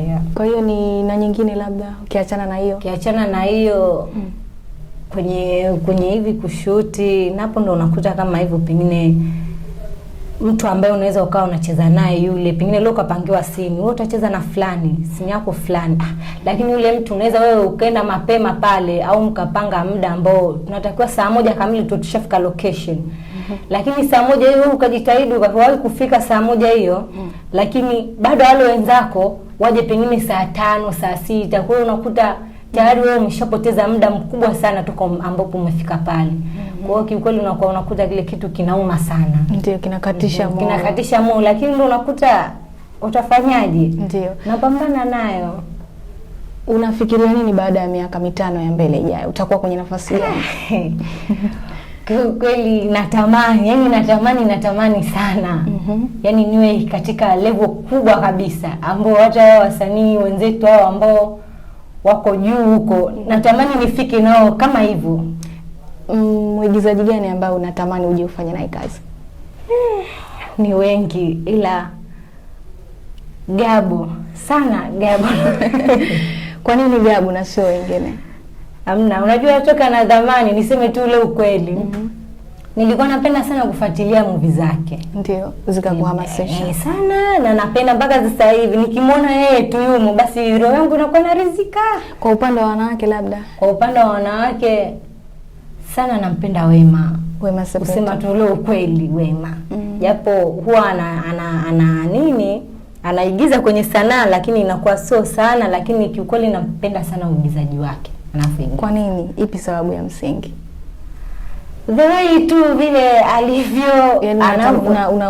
yeah. Kwa hiyo ni na nyingine labda ukiachana na hiyo ukiachana na hiyo mm. kwenye kwenye hivi kushuti napo ndo unakuta kama hivyo pengine mtu ambaye unaweza ukawa unacheza naye yule, pengine leo ukapangiwa simu, wewe utacheza na fulani, simu yako fulani ah, lakini yule mtu unaweza wewe ukaenda mapema pale, au mkapanga muda ambao tunatakiwa saa moja kamili tu tushafika location mm -hmm. Lakini saa moja hiyo ukajitahidi ukawahi kufika saa moja hiyo mm -hmm. Lakini bado wale wenzako waje pengine saa tano saa sita. Kwa hiyo unakuta tayari wewe umeshapoteza muda mkubwa sana toka um, ambapo umefika pale. Mhm. Kwa hiyo kiukweli unakuwa unakuta kile kitu kinauma sana, ndio kinakatisha mhm. moyo, kinakatisha moyo, lakini ndio unakuta utafanyaje? Ndio napambana nayo. Unafikiria nini baada ya miaka mitano ya mbele ijayo, utakuwa kwenye nafasi gani? kweli natamani yani natamani natamani sana mm -hmm. Yani niwe katika level kubwa kabisa, ambao hata wao wasanii wenzetu hao ambao wako juu huko natamani nifike nao kama hivyo. Mm, mwigizaji mm, gani ambao unatamani uje ufanye naye kazi? ni wengi ila Gabo sana Gabo. Kwa nini Gabo na sio wengine? Amna, unajua toka na dhamani, niseme tu ule ukweli mm -hmm. Nilikuwa napenda sana kufuatilia movie zake, ndio zikakuhamasisha Eh, sana na napenda mpaka sasa hivi. Nikimwona yeye tu yumo, basi roho yangu inakuwa rizika. Kwa upande wa wanawake, labda kwa upande wa wanawake sana nampenda Wema, Wema Sepetu, kusema tu ule ukweli Wema mm. japo huwa ana, ana, ana nini anaigiza kwenye sanaa, lakini inakuwa sio sana, lakini kiukweli nampenda sana uigizaji wake nothing. kwa nini? Ipi sababu ya msingi? The way tu vile alivyo, unatamani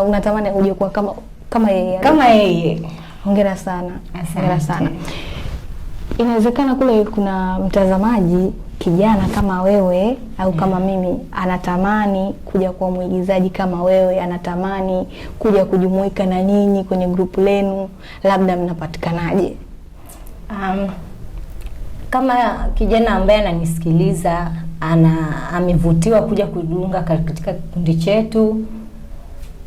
una, una uje kuwa kama kama yeye kama yeye. Hongera sana, hongera sana. Inawezekana kule kuna mtazamaji kijana kama wewe au mm. kama mimi anatamani kuja kuwa mwigizaji kama wewe, anatamani kuja kujumuika na nyinyi kwenye grupu lenu, labda mnapatikanaje? um, kama kijana ambaye ananisikiliza ana amevutiwa kuja kujiunga katika kikundi chetu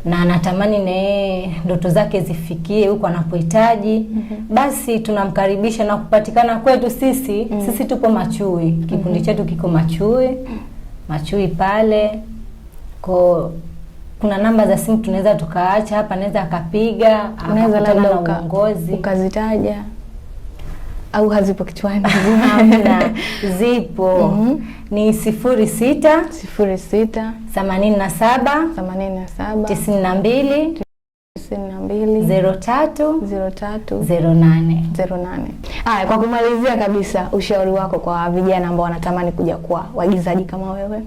na anatamani na yeye ndoto zake zifikie huko anapohitaji, mm -hmm. Basi tunamkaribisha na kupatikana kwetu sisi, mm -hmm. Sisi tupo Machui, kikundi mhm. chetu kiko Machui, Machui pale ko kuna namba za simu tunaweza tukaacha hapa, anaweza akapiga, akakutana na uongozi ukazitaja au hazipo kichwani? Hamna, zipo mm -hmm. Ni sifuri sita sifuri sita themanini na saba themanini na saba tisini na mbili tisini na mbili zero tatu zero tatu zero nane zero nane. Haya, kwa kumalizia kabisa, ushauri wako kwa vijana ambao wanatamani kuja kuwa waigizaji kama wewe?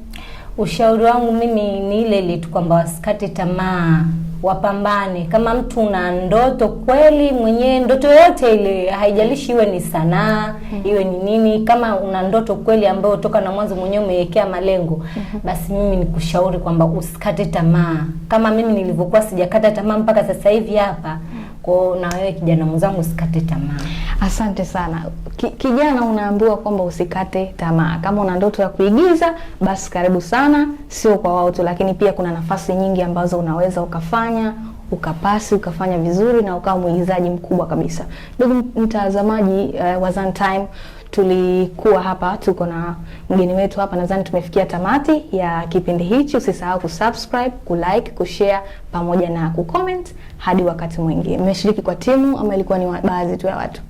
Ushauri wangu mimi ni ile ile tu kwamba wasikate tamaa wapambane. Kama mtu una ndoto kweli mwenyewe, ndoto yote ile, haijalishi iwe ni sanaa mm -hmm. iwe ni nini, kama una ndoto kweli ambayo toka na mwanzo mwenyewe umewekea malengo mm -hmm. basi mimi nikushauri kwamba usikate tamaa, kama mimi nilivyokuwa sijakata tamaa mpaka sasa hivi hapa mm -hmm. Kwao na wewe kijana mwenzangu, usikate tamaa. Asante sana. Ki, kijana unaambiwa kwamba usikate tamaa. Kama una ndoto ya kuigiza, basi karibu sana, sio kwa wao tu, lakini pia kuna nafasi nyingi ambazo unaweza ukafanya ukapasi ukafanya vizuri na ukawa mwigizaji mkubwa kabisa. Ndugu mtazamaji uh, wa Zantime tulikuwa hapa, tuko na mgeni wetu hapa. Nadhani tumefikia tamati ya kipindi hichi. Usisahau kusubscribe, kulike, kushare pamoja na kucomment. Hadi wakati mwingine. Mmeshiriki kwa timu ama ilikuwa ni baadhi tu ya watu?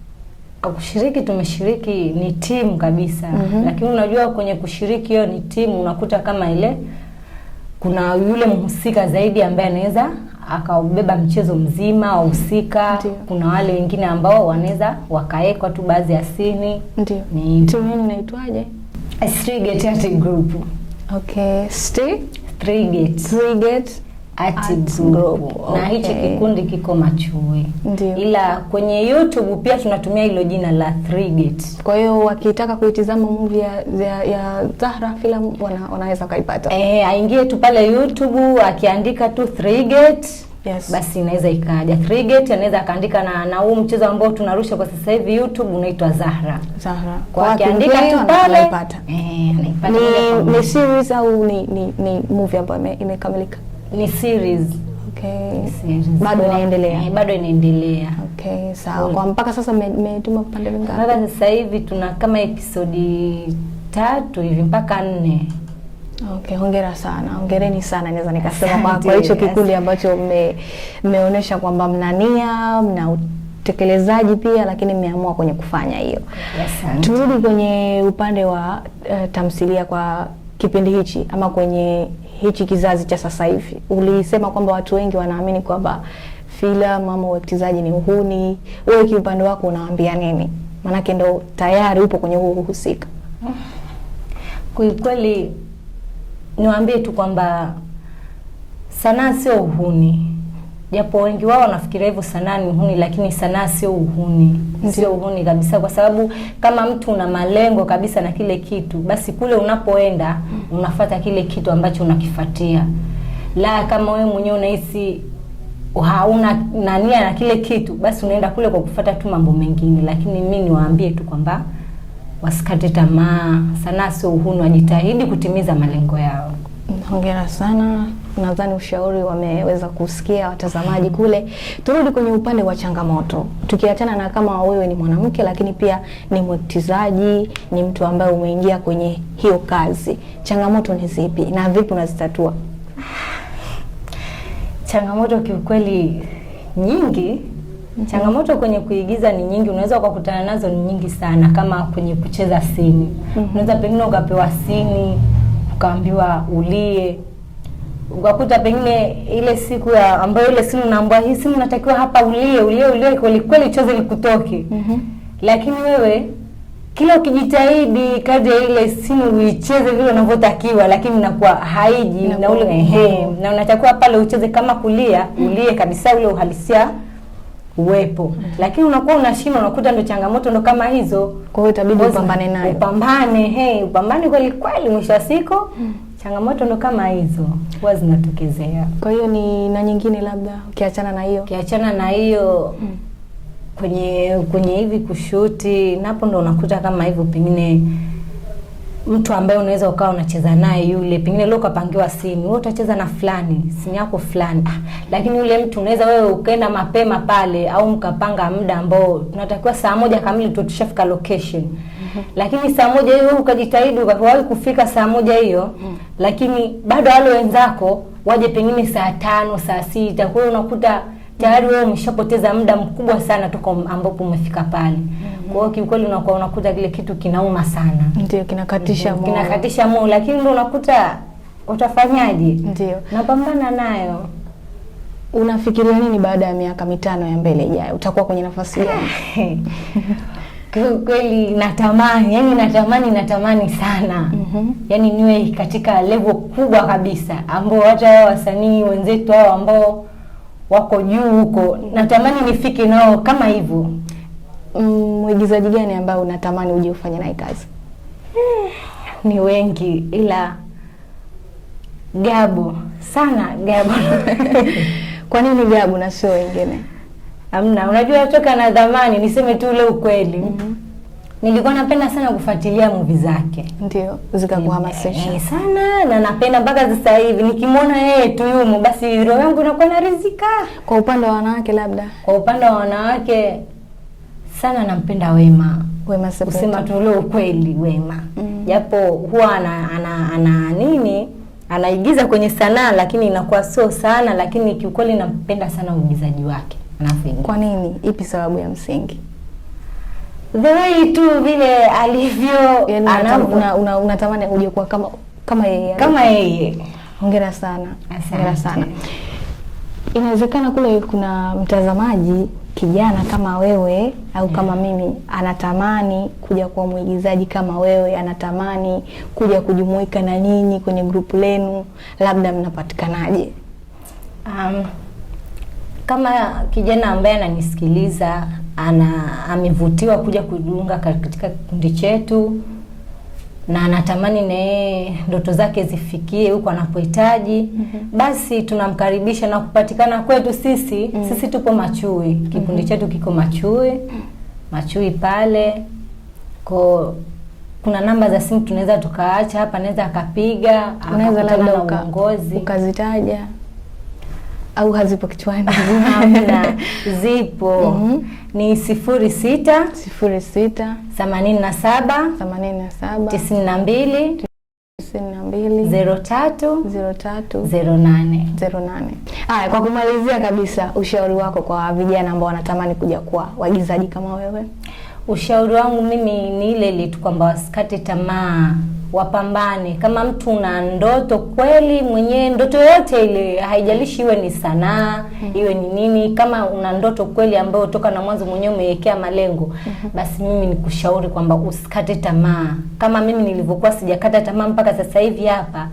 Kushiriki tumeshiriki, ni timu kabisa. mm -hmm. Lakini unajua kwenye kushiriki hiyo ni timu, unakuta kama ile kuna yule mhusika zaidi ambaye anaweza akaubeba mchezo mzima wahusika. Kuna wale wengine ambao wanaweza wakawekwa tu baadhi ya sini. Ndio timu yenu inaitwaje? Strigate Group. Okay, Gate Street Gate Actives Group. Okay. Na hichi kikundi kiko Machuwe. Ndiyo. Ila kwenye YouTube pia tunatumia hilo jina la Three Gate. Kwa hiyo wakitaka kuitizama movie ya, ya ya Zahra filamu wanaweza wakaipata. Eh, aingie tu pale YouTube akiandika tu Three Gate. Yes. Basi inaweza ikaja Three anaweza akaandika na na huu mchezo ambao tunarusha kwa sasa hivi YouTube unaitwa Zahra. Zahra. Kwa akiandika tu pale. anaipata. Eh, anaipata. Ni, ni series au ni ni, ni movie ambayo imekamilika? ni series. Bado inaendelea. Bado inaendelea. Okay, sawa. Kwa mpaka sasa metuma upande vingapi? Mpaka sasa hivi tuna kama episodi tatu hivi mpaka nne. Okay, hongera sana. Hongereni sana naweza nikasema kwa kwa hicho kikundi ambacho mmeonyesha me, kwamba mnania mna utekelezaji pia lakini mmeamua kwenye kufanya hiyo. Yes, turudi kwenye upande wa uh, tamthilia kwa kipindi hichi ama kwenye hichi kizazi cha sasa hivi. Ulisema kwamba watu wengi wanaamini kwamba filamu ama uwekezaji ni uhuni. Wewe kiupande wako unawaambia nini? Maanake ndo tayari upo kwenye huo uhusika. Kweli niwaambie tu kwamba sanaa sio uhuni japo wengi wao wanafikiria hivyo, sanaa ni uhuni, lakini sanaa sio uhuni, sio uhuni kabisa, kwa sababu kama mtu una malengo kabisa na kile kitu, basi kule unapoenda mm. unafata kile kitu ambacho unakifatia. La kama wewe mwenyewe unahisi hauna nania na kile kitu, basi unaenda kule kwa kufata tu mambo mengine. Lakini mi niwaambie tu kwamba wasikate tamaa, sanaa sio uhuni, wajitahidi kutimiza malengo yao. Hongera sana nadhani ushauri wameweza kusikia watazamaji kule. Turudi kwenye upande wa changamoto, tukiachana na kama wewe ni mwanamke, lakini pia ni mwekezaji, ni mtu ambaye umeingia kwenye hiyo kazi, changamoto ni zipi na vipi unazitatua? Changamoto kiukweli nyingi mhm. changamoto kwenye kuigiza ni nyingi, unaweza ukakutana nazo ni nyingi sana. Kama kwenye kucheza sini, mhm. unaweza pengine ukapewa sini ukaambiwa ulie, ukakuta pengine ile siku ya ambayo ile simu naambia hii simu natakiwa hapa ulie ulie ulie kweli kweli, chozi likutoke. mm -hmm. Lakini wewe kila ukijitahidi kadri ya ile simu uicheze vile unavyotakiwa, lakini nakuwa haiji na ule ehe, na unatakiwa pale ucheze kama kulia, ulie kabisa ule uhalisia uwepo, mm-hmm. lakini unakuwa unashinda. Unakuta ndo changamoto ndo kama hizo, kwa hiyo itabidi upambane nayo, upambane he, upambane kweli kweli, mwisho wa siku mm-hmm. Changamoto ndo kama hizo huwa zinatokezea. Kwa hiyo ni na nyingine labda ukiachana na hiyo, ukiachana na hiyo mm. kwenye kwenye hivi kushuti napo ndo unakuta kama hivyo pengine mtu ambaye unaweza ukawa unacheza naye yule, pengine leo ukapangiwa simu, wewe utacheza na fulani, simu yako fulani, ah, lakini yule mtu unaweza wewe ukaenda mapema pale, au mkapanga muda ambao tunatakiwa saa moja kamili tu tushafika location mm -hmm. Lakini saa moja hiyo ukajitahidi ukawahi kufika saa moja hiyo mm -hmm. Lakini bado wale wenzako waje pengine saa tano saa sita kwa hiyo unakuta tayari wewe umeshapoteza muda mkubwa sana toka ambapo umefika pale mm -hmm. Kwa hiyo kiukweli unakuwa unakuta kile kitu kinauma sana, ndio kinakatisha mm-hmm. moyo, kinakatisha moyo, lakini ndio unakuta utafanyaje? Ndio napambana nayo. Unafikiria nini baada ya miaka mitano ya mbele ijayo, utakuwa kwenye nafasi gani? Kweli natamani, yani natamani, natamani sana mm -hmm. Yani niwe katika level kubwa kabisa, ambao hata wao wasanii wenzetu hao ambao wako juu huko, mm-hmm. natamani nifike nao kama hivyo mwigizaji gani ambaye unatamani uje ufanye naye kazi? ni wengi ila Gabo sana Gabo. Kwa nini Gabo na sio wengine? amna unajua toka na dhamani, niseme tu ule ukweli. mm -hmm. Nilikuwa napenda sana kufuatilia movie zake, ndio zikakuhamasisha e, sana na napenda mpaka sasa hivi nikimwona yeye tu yumo, basi roho yangu inakuwa rizika Kwa upande wa wanawake, labda kwa upande wa wanawake sana nampenda Wema. Wema Sepetu, usema leo ukweli Wema mm. japo huwa ana, ana, ana nini anaigiza kwenye sanaa lakini inakuwa sio sana, lakini kiukweli nampenda sana uigizaji wake. Nafikiri. kwa nini? Ipi sababu ya msingi? the way tu vile alivyo, yani unatamani una, una uje kuwa kama kama yeye kama yeye. Hongera sana, hongera sana. Inawezekana kule kuna mtazamaji kijana kama wewe au mm. kama mimi anatamani kuja kuwa mwigizaji kama wewe, anatamani kuja kujumuika na nyinyi kwenye grupu lenu, labda mnapatikanaje? Um, kama kijana ambaye ananisikiliza ana amevutiwa kuja kujiunga katika kikundi chetu na anatamani na yeye ndoto zake zifikie huko anapohitaji mm -hmm. Basi tunamkaribisha na kupatikana kwetu sisi mm -hmm. Sisi tupo Machui, kikundi mm -hmm. chetu kiko Machui Machui pale ko kuna namba za simu tunaweza tukaacha hapa, anaweza akapiga anaweza labda uongozi ukazitaja au hazipo kichwani? Hamna, zipo mm -hmm. Ni sifuri sita sifuri sita themanini na saba themanini na saba tisini na mbili tisini na mbili zero tatu zero tatu zero nane zero nane. Haya, kwa kumalizia kabisa, ushauri wako kwa vijana ambao wanatamani kuja kuwa waigizaji kama wewe? Ushauri wangu mimi ni ile ile tu kwamba wasikate tamaa wapambane. Kama mtu una ndoto kweli mwenyewe, ndoto yote ile, haijalishi iwe ni sanaa mm -hmm. iwe ni nini, kama una ndoto kweli ambayo toka na mwanzo mwenyewe umewekea malengo mm -hmm. basi mimi nikushauri kwamba usikate tamaa, kama mimi nilivyokuwa sijakata tamaa mpaka sasa hivi hapa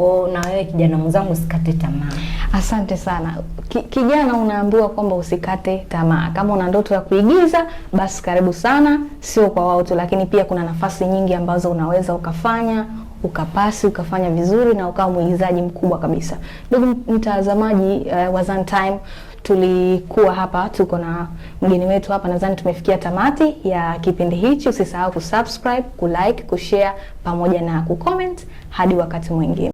Kwao na wewe kijana mwenzangu, usikate tamaa. Asante sana. Ki, kijana unaambiwa kwamba usikate tamaa. Kama una ndoto ya kuigiza, basi karibu sana, sio kwa wao tu, lakini pia kuna nafasi nyingi ambazo unaweza ukafanya ukapasi ukafanya vizuri na ukawa mwigizaji mkubwa kabisa. Ndugu mtazamaji uh, wa Zantime tulikuwa hapa, tuko na mgeni wetu hapa. Nadhani tumefikia tamati ya kipindi hichi. Usisahau kusubscribe, kulike, kushare pamoja na kucomment. Hadi wakati mwingine.